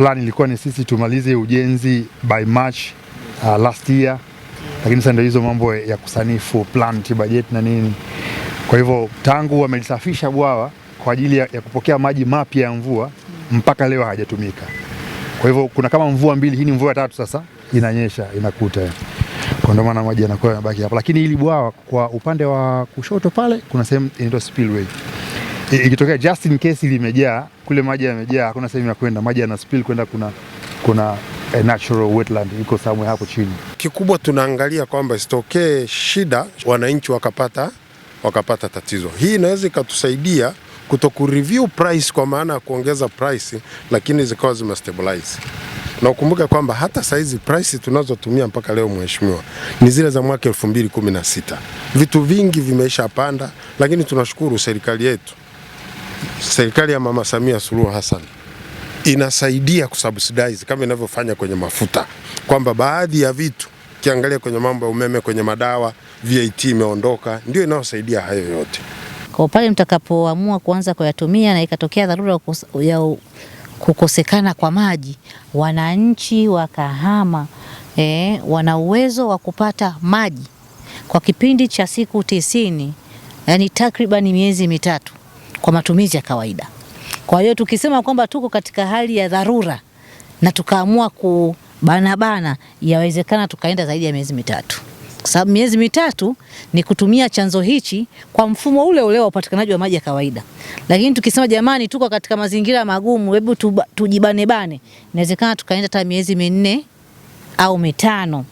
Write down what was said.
plan ilikuwa ni sisi tumalize ujenzi by March uh, last year, lakini sasa ndio hizo mambo ya kusanifu plant budget na nini. Kwa hivyo tangu wamelisafisha bwawa kwa ajili ya, ya kupokea maji mapya ya mvua mpaka leo hajatumika. Kwa hivyo kuna kama mvua mbili, hii ni mvua ya tatu sasa inanyesha inakuta kwa ndio maana maji yanakuwa yanabaki hapo, lakini hili bwawa kwa upande wa kushoto pale kuna sehemu inaitwa spillway ikitokea just in case limejaa kule, maji yamejaa, hakuna sehemu ya kwenda, maji yana spill kwenda, kuna kuna a eh, natural wetland iko somewhere hapo chini. Kikubwa tunaangalia kwamba isitokee shida wananchi wakapata wakapata tatizo. Hii inaweza ikatusaidia kuto ku review price kwa maana ya kuongeza price, lakini zikawa zime stabilize na ukumbuke kwamba hata saizi price tunazotumia mpaka leo mheshimiwa, ni zile za mwaka 2016. Vitu vingi vimeisha panda, lakini tunashukuru serikali yetu serikali ya Mama Samia Suluhu Hassan inasaidia kusubsidize kama inavyofanya kwenye mafuta, kwamba baadhi ya vitu kiangalia kwenye mambo ya umeme, kwenye madawa VAT imeondoka, ndio inayosaidia hayo yote. Kwa pale mtakapoamua kuanza kuyatumia na ikatokea dharura ya kukosekana kwa maji, wananchi wa Kahama eh, wana uwezo wa kupata maji kwa kipindi cha siku tisini, yani takriban miezi mitatu kwa matumizi ya kawaida. Kwa hiyo tukisema kwamba tuko katika hali ya dharura na tukaamua kubanabana, yawezekana tukaenda zaidi ya miezi mitatu, kwa sababu miezi mitatu ni kutumia chanzo hichi kwa mfumo ule ule wa upatikanaji wa maji ya kawaida. Lakini tukisema jamani, tuko katika mazingira magumu, hebu tujibanebane, inawezekana tukaenda hata miezi minne au mitano